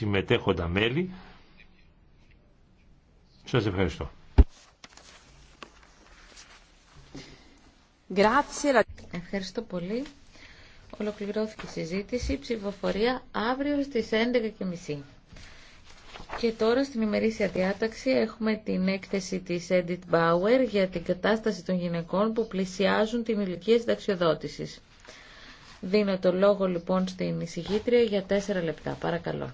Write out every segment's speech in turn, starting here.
συμμετέχοντα μέλη. Σας ευχαριστώ. Ευχαριστώ πολύ. Ολοκληρώθηκε η συζήτηση. ψηφοφορία αύριο στις 11.30. Και τώρα στην ημερήσια διάταξη έχουμε την έκθεση της Edith Bauer για την κατάσταση των γυναικών που πλησιάζουν την ηλικία συνταξιοδότησης. Δίνω το λόγο λοιπόν στην εισηγήτρια για τέσσερα λεπτά. Παρακαλώ.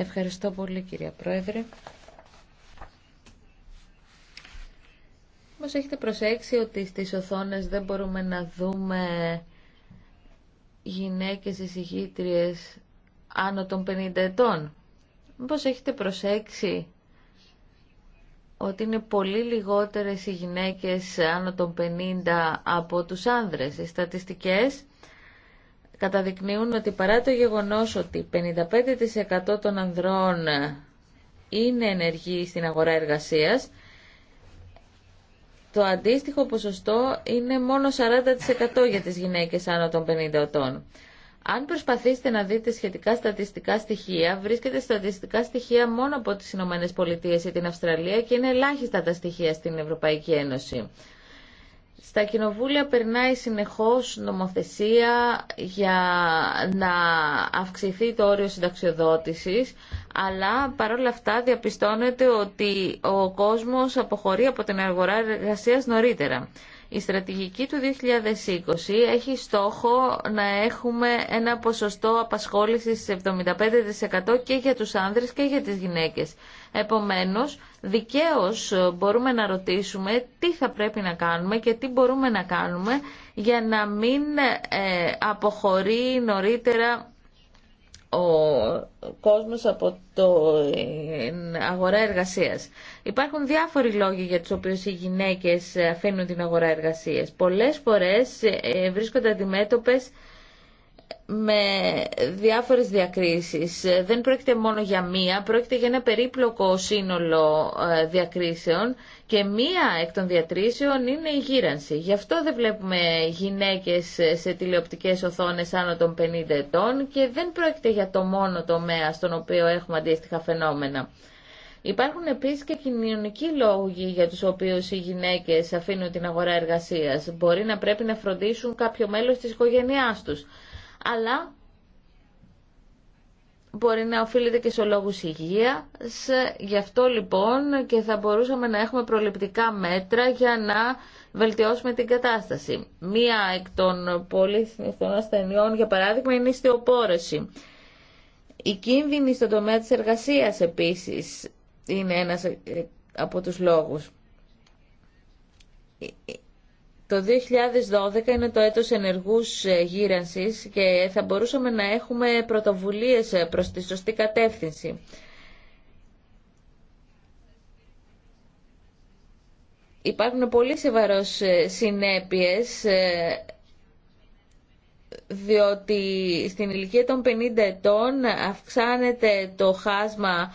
Ευχαριστώ πολύ κυρία Πρόεδρε. Όμως έχετε προσέξει ότι στις οθόνες δεν μπορούμε να δούμε γυναίκες εισηγήτριες άνω των 50 ετών. Μήπως έχετε προσέξει ότι είναι πολύ λιγότερες οι γυναίκες άνω των 50 από τους άνδρες. Οι στατιστικές καταδεικνύουν ότι παρά το γεγονός ότι 55% των ανδρών είναι ενεργοί στην αγορά εργασίας, το αντίστοιχο ποσοστό είναι μόνο 40% για τις γυναίκες άνω των 50 ετών. Αν προσπαθήσετε να δείτε σχετικά στατιστικά στοιχεία, βρίσκεται στατιστικά στοιχεία μόνο από τις Ηνωμένες Πολιτείες ή την Αυστραλία και είναι ελάχιστα τα στοιχεία στην Ευρωπαϊκή Ένωση. Στα κοινοβούλια περνάει συνεχώς νομοθεσία για να αυξηθεί το όριο συνταξιοδότησης, αλλά παρόλα αυτά διαπιστώνεται ότι ο κόσμος αποχωρεί από την αγορά εργασίας νωρίτερα. Η στρατηγική του 2020 έχει στόχο να έχουμε ένα ποσοστό απασχόλησης 75% και για τους άνδρες και για τις γυναίκες. Επομένως, δικαίως μπορούμε να ρωτήσουμε τι θα πρέπει να κάνουμε και τι μπορούμε να κάνουμε για να μην ε, αποχωρεί νωρίτερα ο κόσμος από την αγορά εργασίας. Υπάρχουν διάφοροι λόγοι για τους οποίους οι γυναίκες αφήνουν την αγορά εργασίας. Πολλές φορές ε, βρίσκονται αντιμέτωπες με διάφορες διακρίσεις. Δεν πρόκειται μόνο για μία, πρόκειται για ένα περίπλοκο σύνολο ε, διακρίσεων και μία εκ των διατρήσεων είναι η γύρανση. Γι' αυτό δεν βλέπουμε γυναίκες σε τηλεοπτικές οθόνες άνω των 50 ετών και δεν πρόκειται για το μόνο τομέα στον οποίο έχουμε αντίστοιχα φαινόμενα. Υπάρχουν επίσης και κοινωνικοί λόγοι για τους οποίους οι γυναίκες αφήνουν την αγορά εργασίας. Μπορεί να πρέπει να φροντίσουν κάποιο μέλος της οικογένειάς τους αλλά μπορεί να οφείλεται και σε λόγου υγεία. Γι' αυτό λοιπόν και θα μπορούσαμε να έχουμε προληπτικά μέτρα για να βελτιώσουμε την κατάσταση. Μία εκ των πολύ ασθενειών, για παράδειγμα, είναι η στεοπόρεση. Η κίνδυνη στον τομέα της εργασίας επίσης είναι ένας ε, από τους λόγους. Το 2012 είναι το έτος ενεργούς ε, γύρανσης και θα μπορούσαμε να έχουμε πρωτοβουλίες ε, προς τη σωστή κατεύθυνση. Υπάρχουν πολύ σεβαρός ε, συνέπειες διότι στην ηλικία των 50 ετών αυξάνεται το χάσμα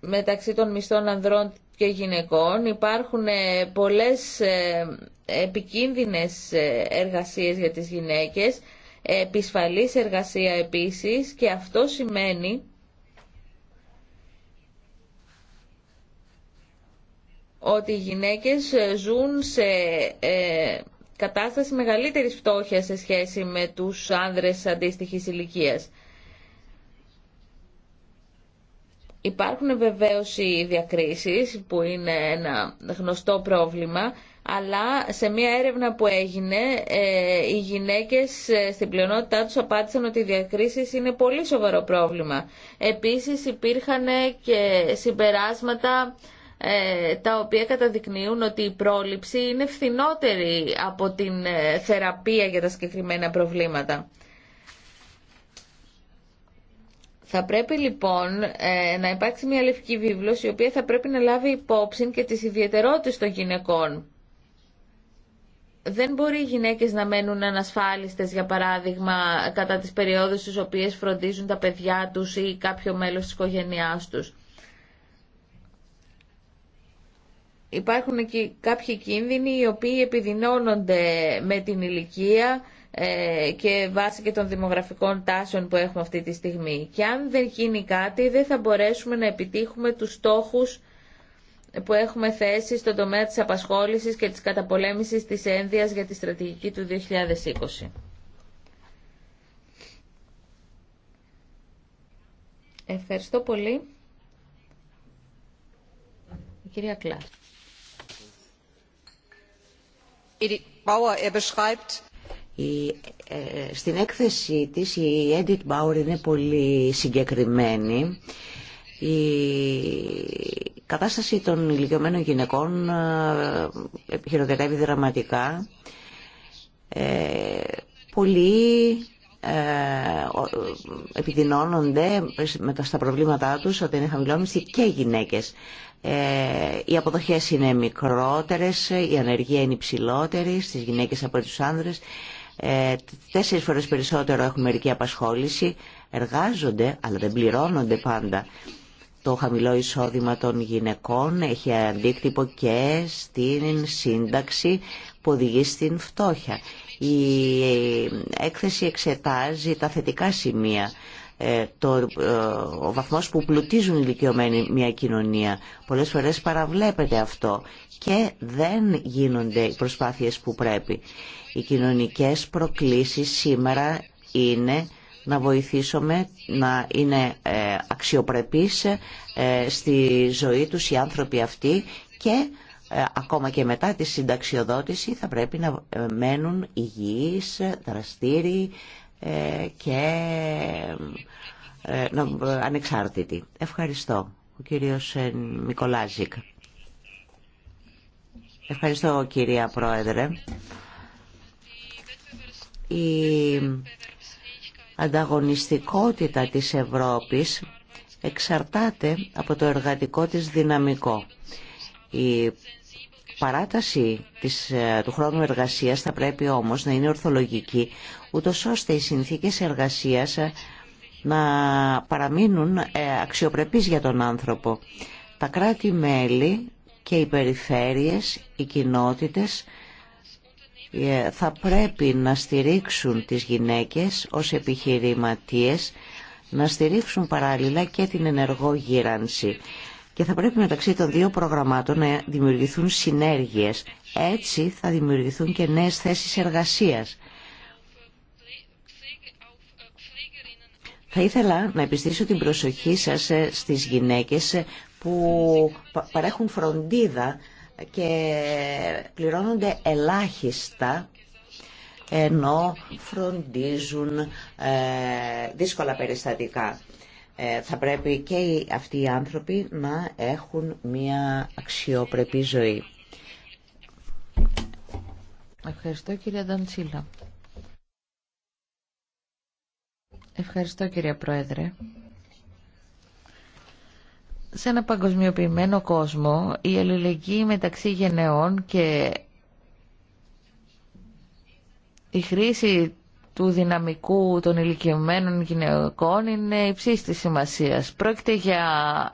μεταξύ των μισθών ανδρών και γυναικών. Υπάρχουν ε, πολλές ε, επικίνδυνες ε, εργασίες για τις γυναίκες, επισφαλής εργασία επίσης και αυτό σημαίνει ότι οι γυναίκες ζουν σε κατάσταση μεγαλύτερης φτώχειας σε σχέση με τους άνδρες αντίστοιχης ηλικίας. Υπάρχουν βεβαίως οι διακρίσεις που είναι ένα γνωστό πρόβλημα αλλά σε μια έρευνα που έγινε ε, οι γυναίκες ε, στην πλειονότητά τους απάντησαν ότι οι διακρίσεις είναι πολύ σοβαρό πρόβλημα. Επίσης υπήρχαν ε, και συμπεράσματα τα οποία καταδεικνύουν ότι η πρόληψη είναι φθηνότερη από την θεραπεία για τα συγκεκριμένα προβλήματα. Θα πρέπει λοιπόν ε, να υπάρξει μια λευκή βίβλος η οποία θα πρέπει να λάβει υπόψη και τις ιδιαιτερότητες των γυναικών. Δεν μπορεί οι γυναίκες να μένουν ανασφάλιστες, για παράδειγμα, κατά τις περιόδους στις οποίες φροντίζουν τα παιδιά τους ή κάποιο μέλος της οικογένειάς τους. Υπάρχουν και κάποιοι κίνδυνοι οι οποίοι επιδεινώνονται με την ηλικία ε, και βάσει και των δημογραφικών τάσεων που έχουμε αυτή τη στιγμή. Και αν δεν γίνει κάτι δεν θα μπορέσουμε να επιτύχουμε τους στόχους που έχουμε θέσει στον τομέα της απασχόλησης και της καταπολέμησης της ένδυας για τη στρατηγική του 2020. Ευχαριστώ πολύ. Η κυρία Κλάς. Er ε, στην έκθεσή της η Έντιτ Bauer είναι πολύ συγκεκριμένη. Η κατάσταση των ηλικιωμένων γυναικών ε, χειροτερεύει δραματικά. Ε, ε, επιδεινώνονται στα προβλήματά τους όταν είναι χαμηλόμιστοι και οι γυναίκες. Ε, οι αποδοχές είναι μικρότερες, η ανεργία είναι υψηλότερη στις γυναίκες από τους άνδρες. Ε, τέσσερις φορές περισσότερο έχουν μερική απασχόληση, εργάζονται αλλά δεν πληρώνονται πάντα. Το χαμηλό εισόδημα των γυναικών έχει αντίκτυπο και στην σύνταξη που οδηγεί στην φτώχεια. Η έκθεση εξετάζει τα θετικά σημεία ε, το, ε, ο βαθμός που πλουτίζουν οι ηλικιωμένοι μια κοινωνία. Πολλές φορές παραβλέπεται αυτό και δεν γίνονται οι προσπάθειες που πρέπει. Οι κοινωνικές προκλήσεις σήμερα είναι να βοηθήσουμε να είναι ε, αξιοπρεπείς στη ζωή τους οι άνθρωποι αυτοί και ε, ακόμα και μετά τη συνταξιοδότηση θα πρέπει να μένουν υγιείς, δραστήριοι ε, και ε, ανεξάρτητοι. Ευχαριστώ. Ο κύριος Μικολάζικ. Ευχαριστώ κυρία Πρόεδρε. Η ανταγωνιστικότητα της Ευρώπης εξαρτάται από το εργατικό της δυναμικό. Η παράταση της, ε, του χρόνου εργασίας θα πρέπει όμως να είναι ορθολογική, ούτως ώστε οι συνθήκες εργασίας ε, να παραμείνουν ε, αξιοπρεπείς για τον άνθρωπο. Τα κράτη-μέλη και οι περιφέρειες, οι κοινότητες θα πρέπει να στηρίξουν τις γυναίκες ως επιχειρηματίες, να στηρίξουν παράλληλα και την ενεργό γύρανση και θα πρέπει μεταξύ των δύο προγραμμάτων να δημιουργηθούν συνέργειες. Έτσι θα δημιουργηθούν και νέες θέσεις εργασίας. Θα ήθελα να επιστήσω την προσοχή σας ε, στις γυναίκες ε, που παρέχουν φροντίδα και πληρώνονται ελάχιστα ενώ φροντίζουν ε, δύσκολα περιστατικά. Ε, θα πρέπει και αυτοί οι άνθρωποι να έχουν μια αξιοπρεπή ζωή. Ευχαριστώ κυρία Ντανσίλα. Ευχαριστώ κυρία Πρόεδρε. Σε ένα παγκοσμιοποιημένο κόσμο, η αλληλεγγύη μεταξύ γενεών και η χρήση του δυναμικού των ηλικιωμένων γυναικών είναι υψή τη σημασία. Πρόκειται για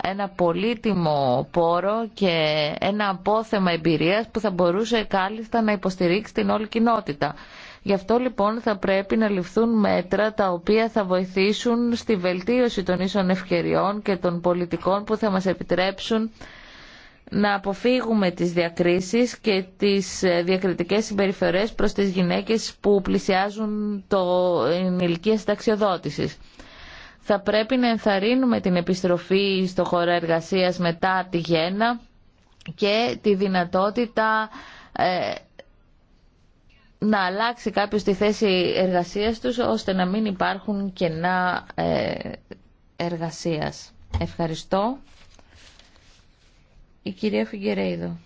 ένα πολύτιμο πόρο και ένα απόθεμα εμπειρίας που θα μπορούσε κάλλιστα να υποστηρίξει την όλη κοινότητα. Γι' αυτό λοιπόν θα πρέπει να ληφθούν μέτρα τα οποία θα βοηθήσουν στη βελτίωση των ίσων ευκαιριών και των πολιτικών που θα μας επιτρέψουν να αποφύγουμε τις διακρίσεις και τις ε, διακριτικές συμπεριφορές προς τις γυναίκες που πλησιάζουν το ηλικία συνταξιοδότησης. Θα πρέπει να ενθαρρύνουμε την επιστροφή στο χώρο εργασίας μετά τη γέννα και τη δυνατότητα ε, να αλλάξει κάποιος τη θέση εργασίας τους ώστε να μην υπάρχουν κενά ε, εργασίας. Ευχαριστώ. Η κυρία Φιγκερέιδο.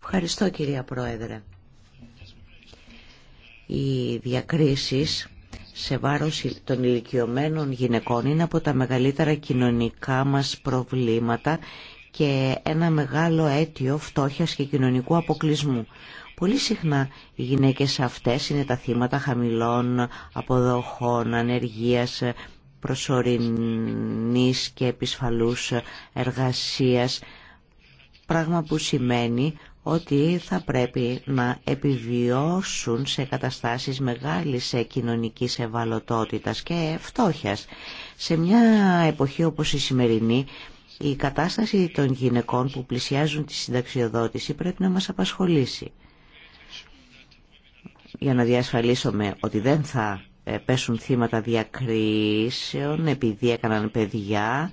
Ευχαριστώ κυρία Πρόεδρε. Οι διακρίσεις σε βάρος των ηλικιωμένων γυναικών είναι από τα μεγαλύτερα κοινωνικά μας προβλήματα και ένα μεγάλο αίτιο φτώχειας και κοινωνικού αποκλεισμού. Πολύ συχνά οι γυναίκες αυτές είναι τα θύματα χαμηλών αποδοχών, ανεργίας, προσωρινής και επισφαλούς εργασίας, πράγμα που σημαίνει ότι θα πρέπει να επιβιώσουν σε καταστάσεις μεγάλης κοινωνικής ευαλωτότητας και φτώχειας. Σε μια εποχή όπως η σημερινή, η κατάσταση των γυναικών που πλησιάζουν τη συνταξιοδότηση πρέπει να μας απασχολήσει για να διασφαλίσουμε ότι δεν θα ε, πέσουν θύματα διακρίσεων επειδή έκαναν παιδιά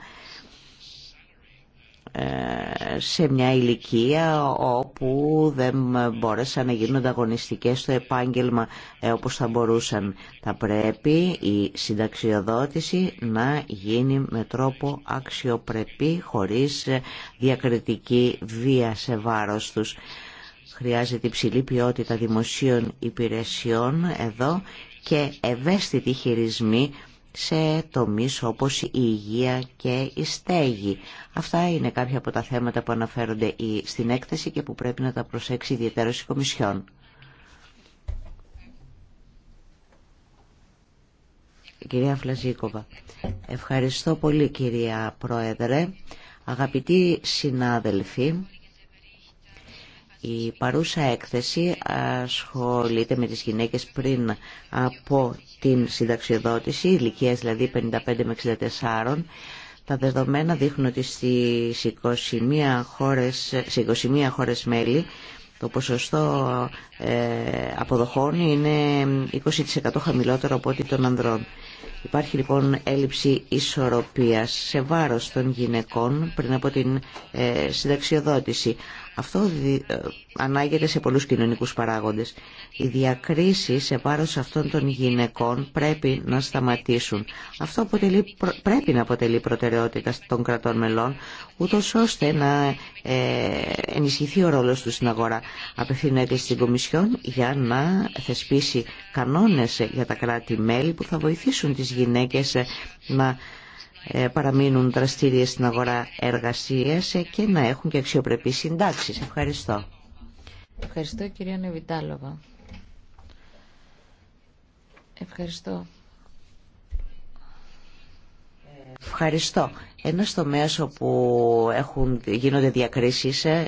ε, σε μια ηλικία όπου δεν μπόρεσαν να γίνουν ανταγωνιστικές στο επάγγελμα ε, όπως θα μπορούσαν. Θα πρέπει η συνταξιοδότηση να γίνει με τρόπο αξιοπρεπή χωρίς διακριτική βία σε βάρος τους. Χρειάζεται υψηλή ποιότητα δημοσίων υπηρεσιών εδώ και ευαίσθητη χειρισμή σε τομείς όπως η υγεία και η στέγη. Αυτά είναι κάποια από τα θέματα που αναφέρονται στην έκθεση και που πρέπει να τα προσέξει ιδιαίτερα η Κομισιόν. Κυρία Φλαζίκοβα, ευχαριστώ πολύ κυρία Πρόεδρε. Αγαπητοί συνάδελφοι, η παρούσα έκθεση ασχολείται με τις γυναίκες πριν από την συνταξιοδότηση, ηλικίες δηλαδή 55 με 64. Τα δεδομένα δείχνουν ότι στις 21 χώρες, σε χώρες μέλη το ποσοστό ε, αποδοχών είναι 20% χαμηλότερο από ό,τι των ανδρών. Υπάρχει λοιπόν έλλειψη ισορροπίας σε βάρος των γυναικών πριν από την ε, συνταξιοδότηση. Αυτό ε, ανάγεται σε πολλούς κοινωνικούς παράγοντες. Οι διακρίσεις σε βάρος αυτών των γυναικών πρέπει να σταματήσουν. Αυτό αποτελεί, πρέπει να αποτελεί προτεραιότητα των κρατών μελών, ούτω ώστε να ε, ενισχυθεί ο ρόλος του στην αγορά. Απευθυνέται στην Κομισιόν για να θεσπίσει κανόνες για τα κράτη-μέλη που θα βοηθήσουν τις γυναίκες ε, να ε, παραμείνουν δραστήριες στην αγορά εργασίας ε, και να έχουν και αξιοπρεπείς συντάξεις. Ευχαριστώ. Ευχαριστώ κυρία Νεβιτάλοβα. Ευχαριστώ. Ευχαριστώ. Ένα τομέα όπου έχουν, γίνονται διακρίσει ε,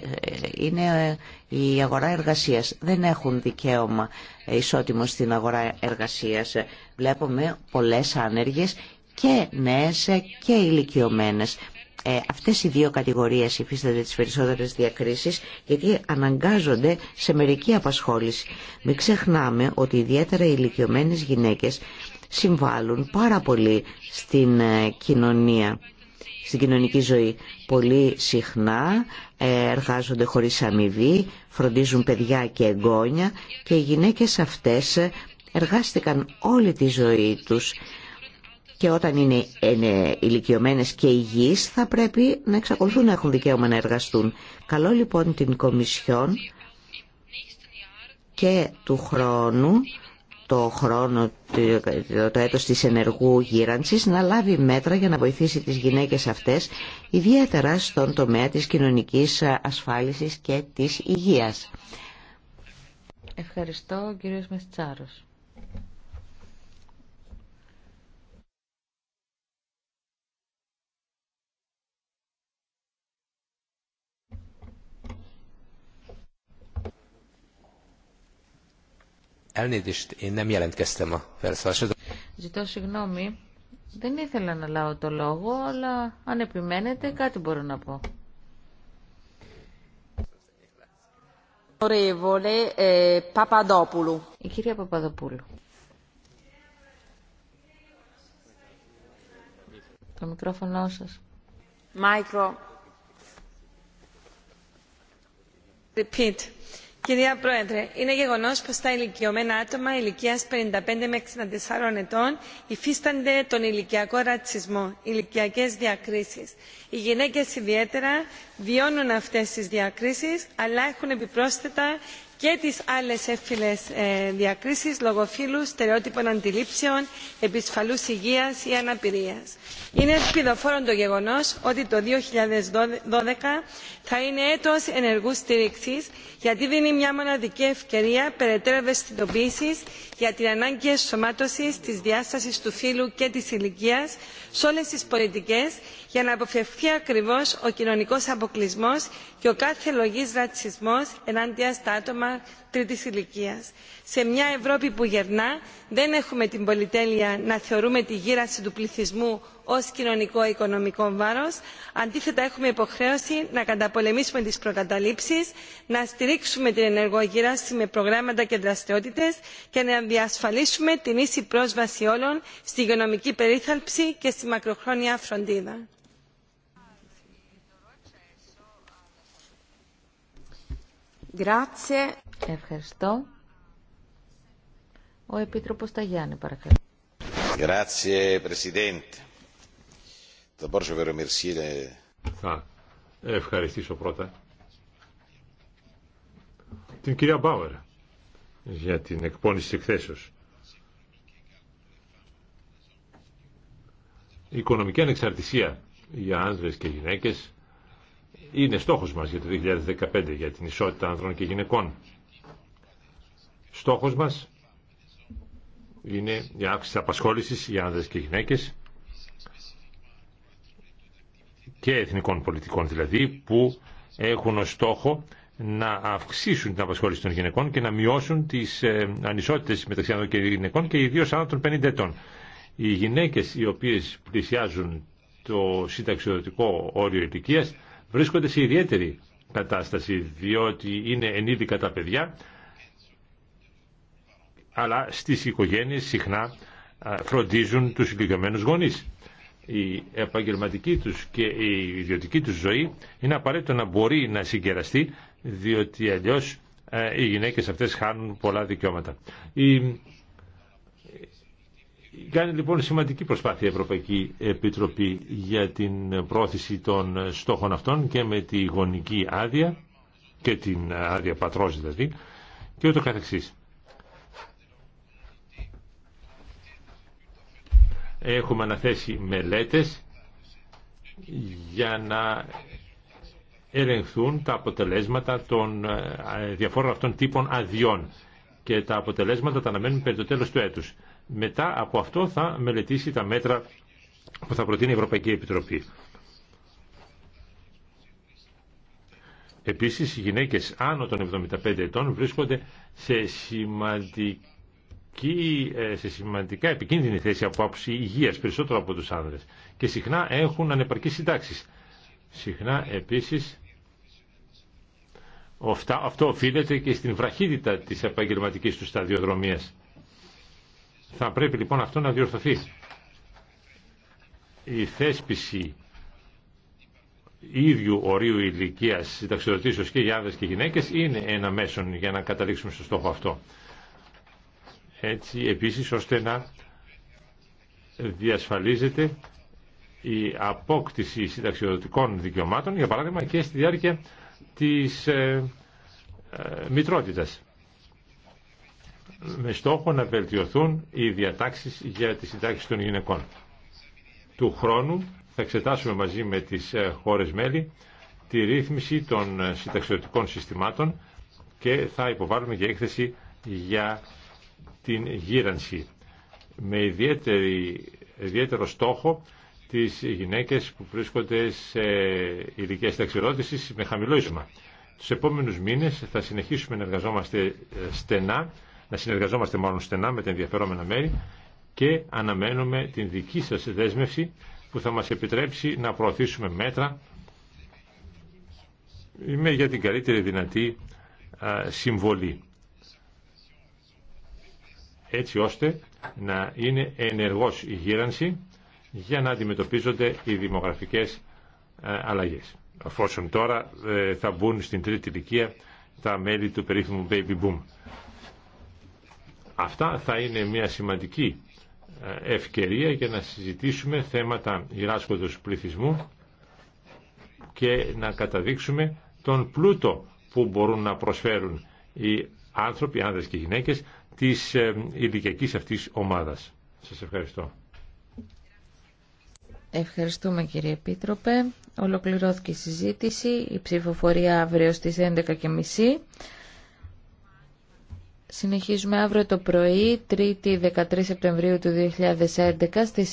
είναι η αγορά εργασίας. Δεν έχουν δικαίωμα ισότιμο στην αγορά εργασίας. Βλέπουμε πολλέ άνεργε και νέες και ηλικιωμένες. Ε, αυτές οι δύο κατηγορίες υφίστανται τις περισσότερες διακρίσεις γιατί αναγκάζονται σε μερική απασχόληση. Μην ξεχνάμε ότι ιδιαίτερα οι ηλικιωμένες γυναίκες συμβάλλουν πάρα πολύ στην ε, κοινωνία, στην κοινωνική ζωή. Πολύ συχνά ε, εργάζονται χωρίς αμοιβή, φροντίζουν παιδιά και εγγόνια και οι γυναίκες αυτές εργάστηκαν όλη τη ζωή τους και όταν είναι, είναι ηλικιωμένες και υγιείς θα πρέπει να εξακολουθούν να έχουν δικαίωμα να εργαστούν. Καλό λοιπόν την Κομισιόν και του χρόνου, το χρόνο, το έτος της ενεργού γύρανσης, να λάβει μέτρα για να βοηθήσει τις γυναίκες αυτές, ιδιαίτερα στον τομέα της κοινωνικής ασφάλισης και της υγείας. Ευχαριστώ κύριος Μεστσάρος. Ζητώ συγγνώμη. Δεν ήθελα να λάω το λόγο, αλλά αν επιμένετε κάτι μπορώ να πω. Η κυρία Παπαδοπούλου. Το μικρόφωνο σα. Μάικρο. Κυρία Πρόεδρε, είναι γεγονό πω τα ηλικιωμένα άτομα ηλικία 55 με 64 ετών υφίστανται τον ηλικιακό ρατσισμό, ηλικιακέ διακρίσει. Οι γυναίκε ιδιαίτερα βιώνουν αυτέ τι διακρίσει, αλλά έχουν επιπρόσθετα και τις άλλες εύφυλες ε, διακρίσεις λόγω φύλου, στερεότυπων αντιλήψεων, επισφαλούς υγείας ή αναπηρίας. Είναι ελπιδοφόρο το γεγονός ότι το 2012 θα είναι έτος ενεργού στήριξης γιατί δίνει μια μοναδική ευκαιρία περαιτέρω ευαισθητοποίησης για την ανάγκη ενσωμάτωσης της διάστασης του φύλου και της ηλικίας σε όλες τις πολιτικές για να αποφευχθεί ακριβώς ο κοινωνικός αποκλεισμός και ο κάθε λογής ρατσισμό ενάντια στα άτομα τριτή ηλικία. Σε μια Ευρώπη που γερνά δεν έχουμε την πολυτέλεια να θεωρούμε τη γύραση του πληθυσμού ω κοινωνικό-οικονομικό βάρος. Αντίθετα έχουμε υποχρέωση να καταπολεμήσουμε τι προκαταλήψει, να στηρίξουμε την ενεργό με προγράμματα και δραστηριότητε και να διασφαλίσουμε την ίση πρόσβαση όλων στη υγειονομική περίθαλψη και στη μακροχρόνια φροντίδα. Ευχαριστώ. Ο Επίτροπος Ταγιάννη, παρακαλώ. Θα ευχαριστήσω πρώτα την κυρία Μπάουερ για την εκπόνηση της εκθέσεως. Η οικονομική ανεξαρτησία για άνδρες και γυναίκες είναι στόχος μας για το 2015 για την ισότητα ανδρών και γυναικών. Στόχος μας είναι η αύξηση της απασχόλησης για άνδρες και γυναίκες και εθνικών πολιτικών δηλαδή που έχουν ως στόχο να αυξήσουν την απασχόληση των γυναικών και να μειώσουν τις ε, ανισότητες μεταξύ άνδρων και γυναικών και ιδίως άνω των 50 ετών. Οι γυναίκες οι οποίες πλησιάζουν το συνταξιδοτικό όριο ηλικίας βρίσκονται σε ιδιαίτερη κατάσταση διότι είναι ενίδικα τα παιδιά αλλά στις οικογένειες συχνά φροντίζουν τους ηλικιωμένους γονείς. Η επαγγελματική τους και η ιδιωτική τους ζωή είναι απαραίτητο να μπορεί να συγκεραστεί, διότι αλλιώς οι γυναίκες αυτές χάνουν πολλά δικαιώματα. Η... Κάνει λοιπόν σημαντική προσπάθεια η Ευρωπαϊκή Επιτροπή για την πρόθεση των στόχων αυτών και με τη γονική άδεια και την άδεια πατρός δηλαδή και ούτω καθεξής. Έχουμε αναθέσει μελέτες για να ελεγχθούν τα αποτελέσματα των ε, διαφόρων αυτών τύπων αδειών και τα αποτελέσματα τα αναμένουν περί το τέλος του έτους. Μετά από αυτό θα μελετήσει τα μέτρα που θα προτείνει η Ευρωπαϊκή Επιτροπή. Επίσης, οι γυναίκες άνω των 75 ετών βρίσκονται σε σημαντική και ε, σε σημαντικά επικίνδυνη θέση από άποψη υγεία περισσότερο από τους άνδρες και συχνά έχουν ανεπαρκή συντάξει. Συχνά επίσης αυτό οφείλεται και στην βραχύτητα της επαγγελματική του σταδιοδρομίας. Θα πρέπει λοιπόν αυτό να διορθωθεί. Η θέσπιση ίδιου ορίου ηλικίας συνταξιδοτήσεως και για άνδρες και γυναίκες είναι ένα μέσον για να καταλήξουμε στο στόχο αυτό έτσι επίσης ώστε να διασφαλίζεται η απόκτηση συνταξιοδοτικών δικαιωμάτων, για παράδειγμα και στη διάρκεια της ε, ε, μητρότητας με στόχο να βελτιωθούν οι διατάξεις για τη συντάξη των γυναικών. Του χρόνου θα εξετάσουμε μαζί με τις ε, χώρες μέλη τη ρύθμιση των ε, συνταξιοδοτικών συστημάτων και θα υποβάλουμε και έκθεση για την γύρανση με ιδιαίτερη, ιδιαίτερο στόχο τις γυναίκες που βρίσκονται σε ηλικία συνταξιδότησης με χαμηλό ίσμα. Τους επόμενους μήνες θα συνεχίσουμε να εργαζόμαστε στενά, να συνεργαζόμαστε μάλλον στενά με τα ενδιαφερόμενα μέρη και αναμένουμε την δική σας δέσμευση που θα μας επιτρέψει να προωθήσουμε μέτρα με για την καλύτερη δυνατή συμβολή έτσι ώστε να είναι ενεργός η γύρανση για να αντιμετωπίζονται οι δημογραφικές ε, αλλαγές. Αφόσον τώρα ε, θα μπουν στην τρίτη ηλικία τα μέλη του περίφημου Baby Boom. Αυτά θα είναι μια σημαντική ε, ευκαιρία για να συζητήσουμε θέματα γυράσκοντος πληθυσμού και να καταδείξουμε τον πλούτο που μπορούν να προσφέρουν οι άνθρωποι, άνδρες και γυναίκες, της ε, ηλικιακής αυτής ομάδας. Σας ευχαριστώ. Ευχαριστούμε κύριε Επίτροπε. Ολοκληρώθηκε η συζήτηση, η ψηφοφορία αύριο στις 11.30. Συνεχίζουμε αύριο το πρωί, 3η 13 Σεπτεμβρίου του 2011, στις